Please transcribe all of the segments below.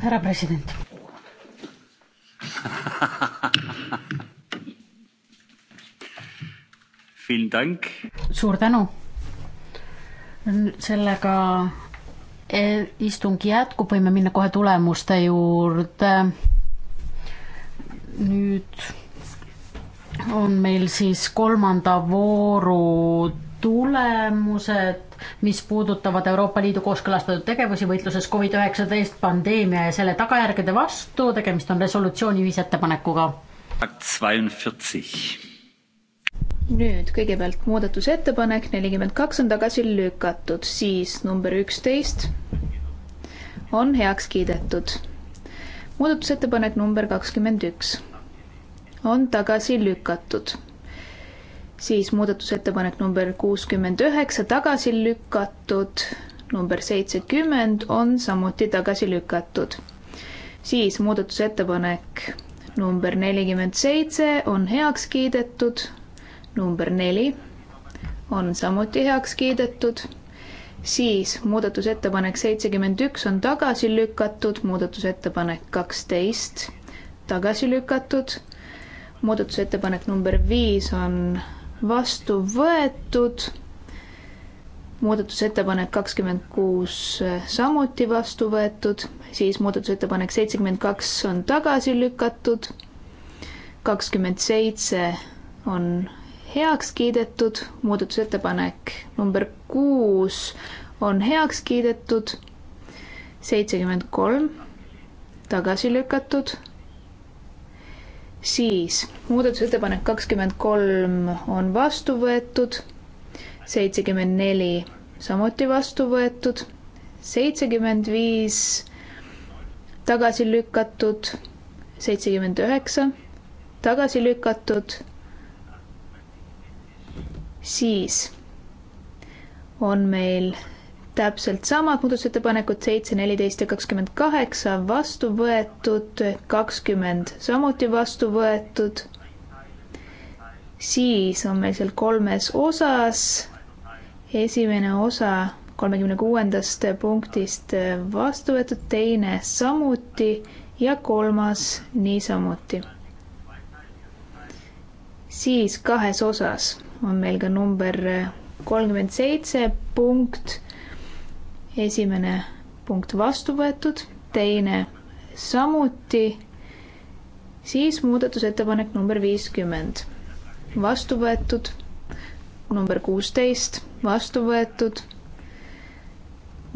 härra president. suur tänu. sellega e, istung jätkub, võime minna kohe tulemuste juurde. nüüd on meil siis kolmanda vooru tulemused mis puudutavad Euroopa Liidu kooskõlastatud tegevusi võitluses Covid-19 pandeemia ja selle tagajärgede vastu. tegemist on resolutsiooni ühisettepanekuga. nüüd kõigepealt muudatusettepanek nelikümmend kaks on tagasi lükatud, siis number üksteist on heaks kiidetud. muudatusettepanek number kakskümmend üks on tagasi lükatud siis muudatusettepanek number kuuskümmend üheksa tagasi lükatud, number seitsekümmend on samuti tagasi lükatud. siis muudatusettepanek number nelikümmend seitse on heaks kiidetud, number neli on samuti heaks kiidetud, siis muudatusettepanek seitsekümmend üks on tagasi lükatud, muudatusettepanek kaksteist tagasi lükatud, muudatusettepanek number viis on vastu võetud. muudatusettepanek kakskümmend kuus eh, samuti vastu võetud, siis muudatusettepanek seitsekümmend kaks on tagasi lükatud. kakskümmend seitse on heaks kiidetud, muudatusettepanek number kuus on heaks kiidetud, seitsekümmend kolm tagasi lükatud siis muudatusettepanek kakskümmend kolm on vastu võetud, seitsekümmend neli samuti vastu võetud, seitsekümmend viis tagasi lükatud, seitsekümmend üheksa tagasi lükatud, siis on meil täpselt samad muudatusettepanekud seitse, neliteist ja kakskümmend kaheksa vastu võetud, kakskümmend samuti vastu võetud. siis on meil seal kolmes osas, esimene osa kolmekümne kuuendast punktist vastu võetud, teine samuti ja kolmas niisamuti. siis kahes osas on meil ka number kolmkümmend seitse punkt esimene punkt vastu võetud, teine samuti, siis muudatusettepanek number viiskümmend vastu võetud, number kuusteist vastu võetud,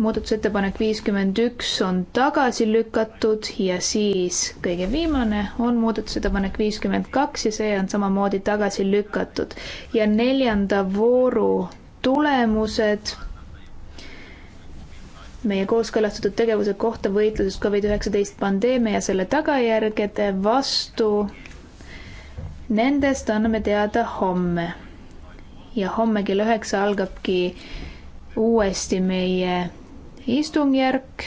muudatusettepanek viiskümmend üks on tagasi lükatud ja siis kõige viimane on muudatusettepanek viiskümmend kaks ja see on samamoodi tagasi lükatud ja neljanda vooru tulemused meie kooskõlastatud tegevuse kohta võitluses Covid-19 pandeemia ja selle tagajärgede vastu. Nendest anname teada homme. ja homme kell üheksa algabki uuesti meie istungjärk.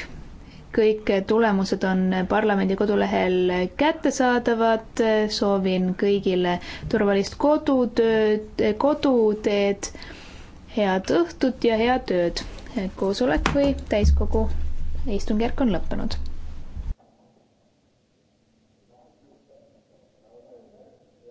kõik tulemused on parlamendi kodulehel kättesaadavad. soovin kõigile turvalist kodutööd, koduteed, head õhtut ja head ööd koosolek või täiskogu istungjärk on lõppenud